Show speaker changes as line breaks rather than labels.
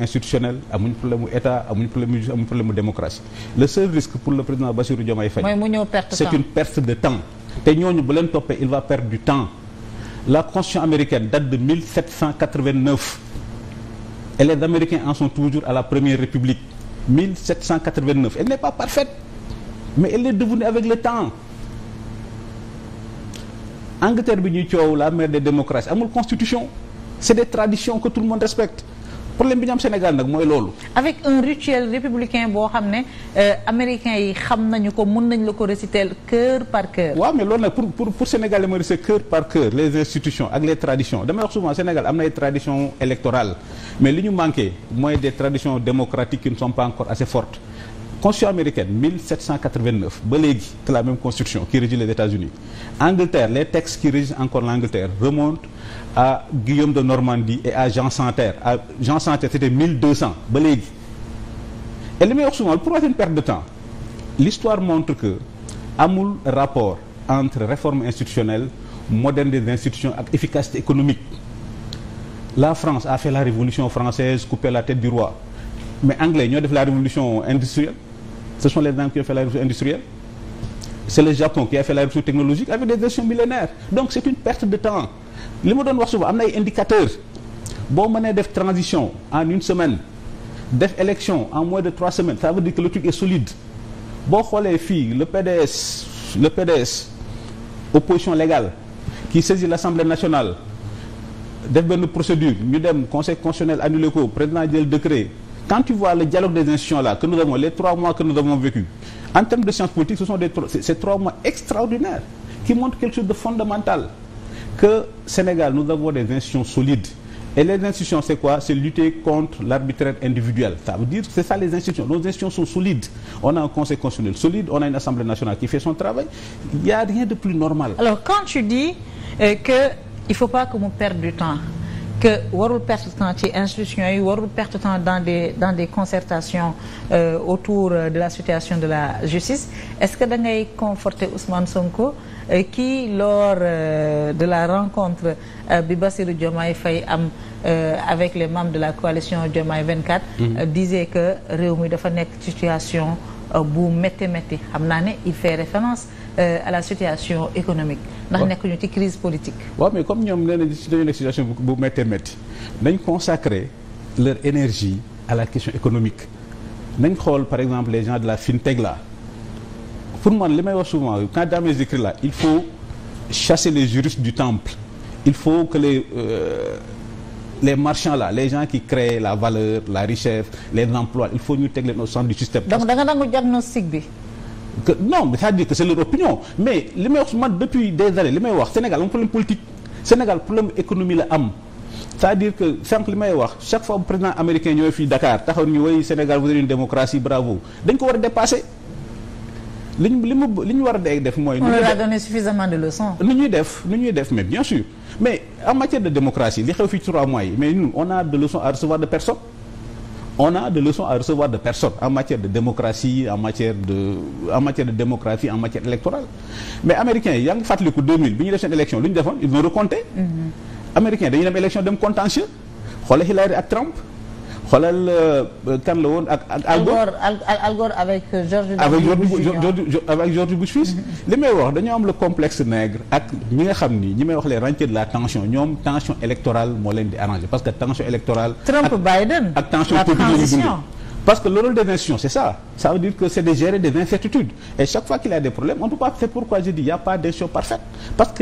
institutionnel amuñ problème mu état amuñ problème mu amuñ problème mu démocratie le seul risque pour le président Bassirou Diomaye Faye c'est une perte temps te ñooñu bu toppee il va perdre du temps la constitution américaine date de 1789 et les américains en sont toujours à la première république elle n'est pas parfaite mais elle est devenue avec le temps Angleterre bi ñuy coow la mère des démocraties amul constitution c'est des traditions que tout le monde respecte problème bi ñu am Sénégal nag mooy loolu.
avec un rituel républicain boo xam ne euh, américains yi xam nañu ko mun nañ la ko réciter cœur par cœur.
waaw mais loolu nag pour pour pour Sénégal ma réciter cœur par cœur les institutions ak les traditions damay wax souvent Sénégal am na traditions électorales mais li ñu manqué mooy de traditions démocratiques qui ne sont pas encore assez fortes. constitution américaine 1789 ba léegi c'est la même constitution qui régit les États-Unis Angleterre les textes qui régissent encore l'Angleterre remontent à Guillaume de Normandie et à Jean Santerre à Jean Santerre c'était 1200 ba léegi et li may wax souvent pourquoi c'est une perte de temps l'histoire montre que amul rapport entre réforme institutionnelle moderne des institutions ak efficacité économique la France a fait la révolution française couper la tête mais anglais ñoo def la révolution industrielle Ce sont les Allemands qui ont fait la révolution industrielle. C'est le Japon qui a fait la révolution technologique avec des versions millénaires. Donc c'est une perte de temps. li ma doon wax suba am na ay indicateurs boo mënee def transition en une semaine def élection en moins de trois semaines ça veut dire que le truc est solide boo xoolee fii le PDS le PDS opposition légale qui saisit l'Assemblée nationale def benn procédure ñu dem conseil constitutionnel ko président jël décret quand tu vois le dialogue des institutions là que nous avons les trois mois que nous avons vécu en termes de sciences politiques ces trois mois extraordinaires qui montrent quelque chose de fondamental que Sénégal nous avons des institutions solides et les institutions c'est quoi c'est lutter contre l'arbitraire individuel ça veut dire c'est ça les institutions nos institutions sont solides on a un conseil constitutionnel solide on a une assemblée nationale qui fait son
que warul perte temps ci institution yi warul perte temps dans des dans des concertations euh, autour de la situation de la justice est-ce que da ngay conforter Ousmane Sonko euh, qui lors euh, de la rencontre euh, bi Bassirou Diomaye fay am euh, avec les membres de la coalition Diomaye 24 mm. disait que réew mi dafa nekk situation bu métti métti xam naa ne il fait référence Euh, à la situation économique. ndax nekkuñu ci crise politique.
waaw mais comme ñoom nee nañu si dañu nekk situation bu méttee métti nañ consacrer leur énergie à la question économique nañ xool par exemple les gens de la fintech la pour man li may wax souvent quand dans mes écrits il faut chasser les juristes du temple il faut que les euh, les marchands là les gens qui la valeur la richesse les emplois il faut ñu teg leen au centre du système. donc da nga diagnostic bi. que non c'est-à-dire que c'est leur opinion mais li may wax man depuis des années li may wax Sénégal am problème politique Sénégal problème économie la am c'est-à-dire que sànq li may wax chaque fois bu président américain ñëwee fii Dakar taxaw ñu woy Sénégal vous avez démocratie bravo dañ ko war a dépasser li ñu li mu li ñu war a def mooy. on leur a
donné suffisamment nu
ñuy def nu ñuy def mais bien sûr mais en matière de démocratie li xew fii trois mois mais ñun on on a des leçons à recevoir de personne en matière de démocratie en matière de en en matière électorale mais américains yaa ngi fàttaliku bi ñu def seen élection lu ñu defoon ils vont recompter mm-hmm. américains dañuy dem élection dem contentieux xoolal Hillary ak Trump xoolal euh, kan la woon ak ak Al Gore
Al Gore George
avec George Bush fils li may wax dañoo am le complexe nègre ak ñi nga xam ni ñi may wax les rentiers de la tension ñoom tension électorale moo leen di arrangé parce que tension électorale Trump ak tension politique parce que le des nations c'est ça veut dire que c'est de gérer des incertitudes et chaque fois qu'il y a des problèmes on peut pas c'est pourquoi je y a pas d'institution parfaite